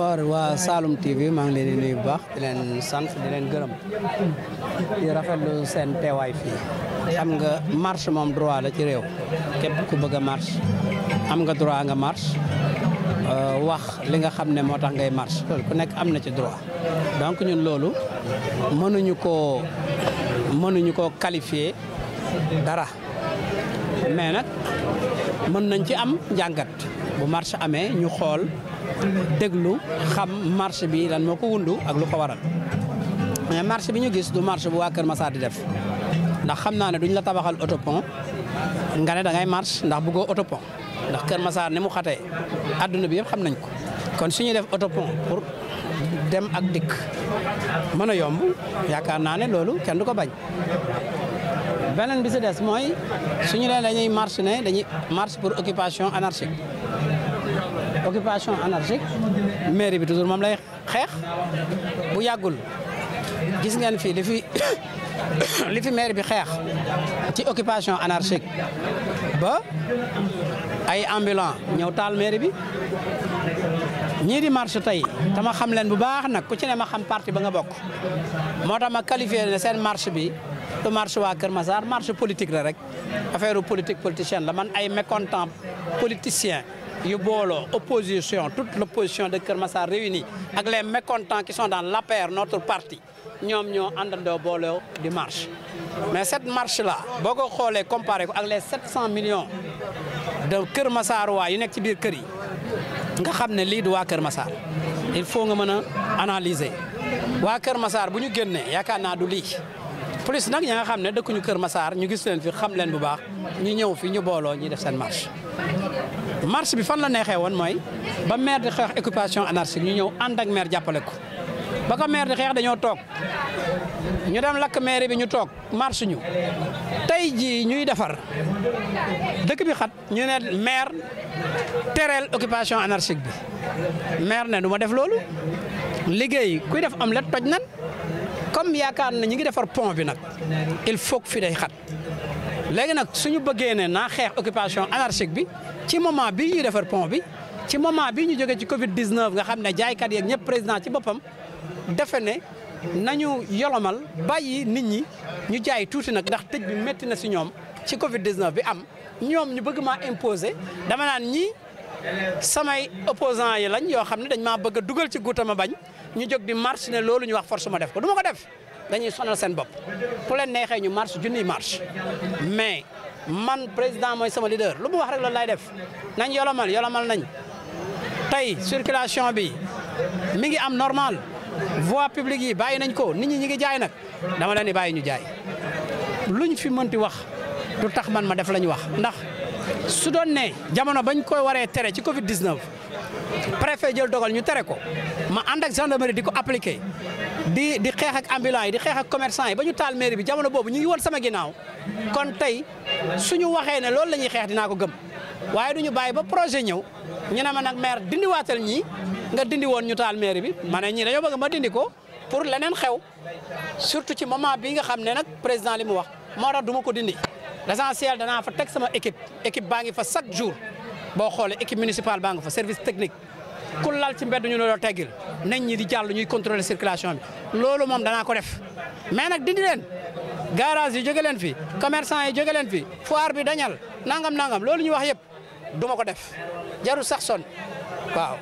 d'abord wa salum TV ma ngi leni di nuyu di len sant di len gërëm di lu sen teewaay fi xam nga marche mom droit la ci rew kep ku bëgg marche am nga droit nga marche euh, wax li nga xamne motax ngay marche ku nek am ci droit donc ñun loolu mënuñu koo mënuñu ko qualifier dara mais nak mën nañ ci am jangat bu marche amee ñu xool déglu xam marche bi lan moo ko wundu ak lu ko waral mais marche bi ñu gis du marche bu waa Kër Massar di def ndax xam naa ne duñ la tabaxal autopont nga ne da ngay marche ndax bëggoo autopont ndax Kër masaa ni mu xatee adduna bi yëpp xam nañ ko kon su suñuy def autopont pour dem ak dikk mën a yomb yaakaar naa ne loolu kenn du ko bañ beneen bi si des mooy suñu leen dañuy marche ne dañuy marche pour occupation anarchique occupation anarchique mairie bi toujours mom lay xex bu yagul gis ngeen fi li fi li fi maire bi xex ci occupation anarchique ba ay ambulant ñëw tal maire bi ñi di marche tay dama xam len bu baax nak ku ci ne ma xam parti ba nga bok motax ma qualifier ne sen marche bi du marche wa keur mazar marche politique la rek affaire politique politicien la man ay mécontent politicien yu opposition toute l'opposition de Kër réunie avec les mécontents qui sont dans l'APR notre parti ñoom ñoo àndandoo booloo di marche mais cette marche là si vous xoolee comparé ko les 700 millions de Kër Massar une yu nekk ci biir kër yi nga xam il faut nga analyser Wa Kër Massar bu ñu génnee yaakaar du plus nak ñinga nga xam ne Massar ñu gis leen fi xam leen bu baax ñu ñëw fi ñu bolo ñi def sen marche marche bi fan la neexee woon mooy ba maire di xeex occupation anarchique ñu ñëw ànd ak maire jàppale ko ba ko maire di xeex dañoo toog ñu dem lakk maire bi ñu toog marche ñu tey jii ñuy defar dëkk bi xat ñu ne maire tereel occupation anarchique bi maire ne du def loolu liggéey kuy def am let toj nan comme yaakaar na ñi ngi defar pont bi nag il faut que fi day xat léegi nak suñu bëggé né na xeex occupation anarchique bi ci moment bi ñu defar pont bi ci moment bi ñu joggé ci Covid 19 nga xam ne jaaykat yeeg ñepp président ci bopam defe né nañu yolomal bayyi nit ñi ñu jaay touti nak ndax tejj bi metti na ci ñom ci Covid 19 bi am ñom ñu bëgg ma imposer dama naan ñi samay opposants yi lañ yo xamné dañ ma bëgg duggal ci guutama bañ ñu jóg di marche ne loolu ñu wax force ma def ko duma ko def. dañuy sonal seen bopp ku leen neexee ñu marche junniy marche mais man président mooy sama leader lu mu wax rek loolu lay def nañ yolomal yolomal nañ tey circulation bi mi ngi am normal voie publique yi bàyyi nañ ko nit ñi ñi ngi jaay nag dama leen di bàyyi ñu jaay luñ fi mënti wax du tax man ma def la ñu wax ndax su doon ne jamono bañ koy waree tere ci Covid 19. préfet jël dogal ñu tere ko ma ànd ak gendarmerie di ko appliquer di di xeex ak ambulants yi di xeex ak commerçant yi ba ñu taal mairie bi jamono boobu ñu ngi woon sama ginnaaw kon tey suñu waxee ne loolu la ñuy xeex dinaa ko gëm waaye du ñu bàyyi ba projet ñëw ñu ne ma nag maire dindiwaatal ñii nga dindi woon ñu taal mairie bi ma ne ñii dañoo bëgg ma dindi ko pour leneen xew surtout ci moment bi nga xam ne nag président li mu wax moo tax du ma ko dindi l'essentiel danaa fa teg sama équipe équipe baa ngi fa chaque jour boo xoolee équipe municipale baa nga fa service technique ku lal ci mbedd ñu ne la teggil nañ ñi di jàll ñuy contrôler circulation bi loolu moom danaa ko def mais nag dindi leen garage yi jóge leen fi commerçant yi jóge leen fi foire bi dañal nangam nangam loolu ñu wax yëpp duma ko def jarul sax son waaw.